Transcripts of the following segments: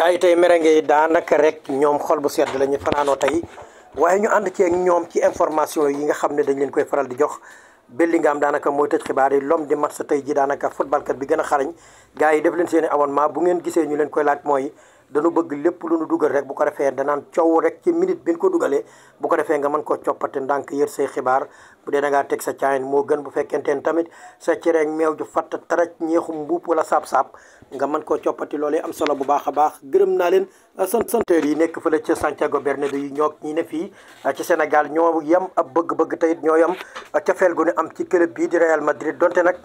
gaa yi tey merengue yi daanaka rek ñoom xol bu sedd la ñu fanaanoo tey waaye ñu ànd ci ñoom ci information yi nga xam ne dañ leen koy faral di jox Bellingham daanaka mooy tëj xibaar yi l'homme di mat sa tey ji daanaka footballkat bi gën a xarañ gaa yi def leen seen i abonnement bu ngeen gisee ñu leen koy laaj mooy dañu bëgg lépp lu nu dugal rek bu ko defee danaan coow rek ci minute bi ñu ko dugalee bu ko defee nga mën koo coppate ndànk yër say xibaar bu dee da teg sa caayin moo gën bu fekkenteen tamit sa cereeg meew ju fatt taraj ñeexu mbuub wala saab-saab nga mën koo coppati loolee am solo bu baax a baax gërëm naa leen sant santeurs yi nekk fële ca Santiago Bernabéu yi ñoo ñi ne fii ci Sénégal ñoo yem ab bëgg-bëgg teyit ñoo yem cafeel gu ñu am ci club bii di Real Madrid donte nag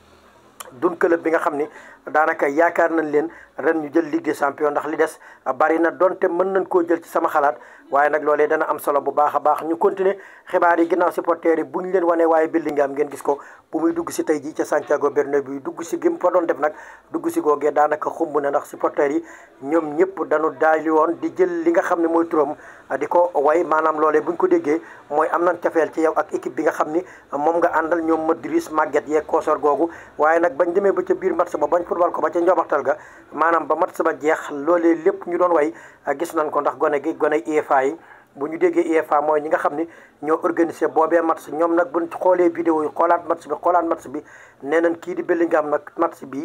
dun bi nga xam ni daanaka yaakaar nañ leen ren ñu jël liggéey des champions ndax li des bari na donte mën nañ koo jël ci sama xalaat waaye nag loolee dana am solo bu baax a baax ñu continuer xibaar yi ginnaaw supporters yi bu ñu leen wanee waaye Bellingham ngeen gis ko bu muy si tey jii ca Santiago Bernabéu dugg si gi mu fa doon def nag dugg si googee daanaka xumb na ndax supporters yi ñoom ñëpp dañu daali woon di jël li nga xam ne mooy turam di ko way maanaam loolee bu ko déggee mooy am nañ cafeel ci yow ak équipe bi nga xam ni moom nga àndal ñoom ma Madrid màgget yeeg koosor googu waaye nag bañ demee ba ca biir match ma bañ futbal ko ba ca njobaxtal ga maanaam ba mat sama jeex loolee lépp ñu doon way gis nañ ko ndax gone gi gone UEFA yi bu ñu déggee UEFA mooy ñi nga xam ni ñoo organisé boobee match ñoom nag buñ xoolee vidéo yi xoolaat match bi xoolaat match bi nee nañ kii di Bellingham nag match bi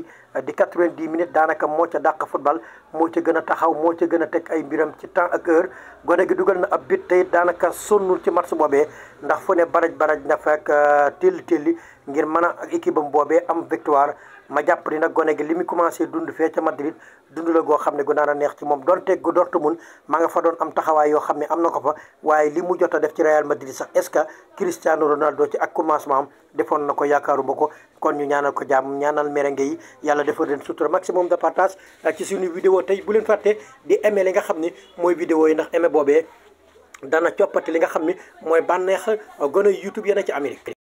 di 90 minutes daanaka moo ca dàq football moo ca gën a taxaw moo ca gën a teg ay mbiram ci temps ak heure gone gi dugal na ab bit tey daanaka sonnul ci match boobee ndax fu ne baraj baraj na fekk euh, telli telli ngir mën a ak équipe am boobee am victoire ma jàpp ni nag gone gi li mu commencé dund fee ca Madrid dund la goo xam ne gu naan a neex ci moom donte gu Dortmund ma nga fa doon am taxawaay yoo xam ne am na ko fa waaye li mu jot a def ci Real Madrid sax est-ce que Cristiano Ronaldo ci ak commencement am defoon na ko yaakaaruma ko kon ñu ñaanal ko jàmm ñaanal merengue yi yàlla defal leen sutura maximum de partage euh, ci suñu vidéo tey bu leen fàtte di aimé li nga xam ni mooy vidéo yi ndax aimé boobee dana coppati li nga xam ni mooy bànneex euh, gën a YouTube yéen a ci Amérique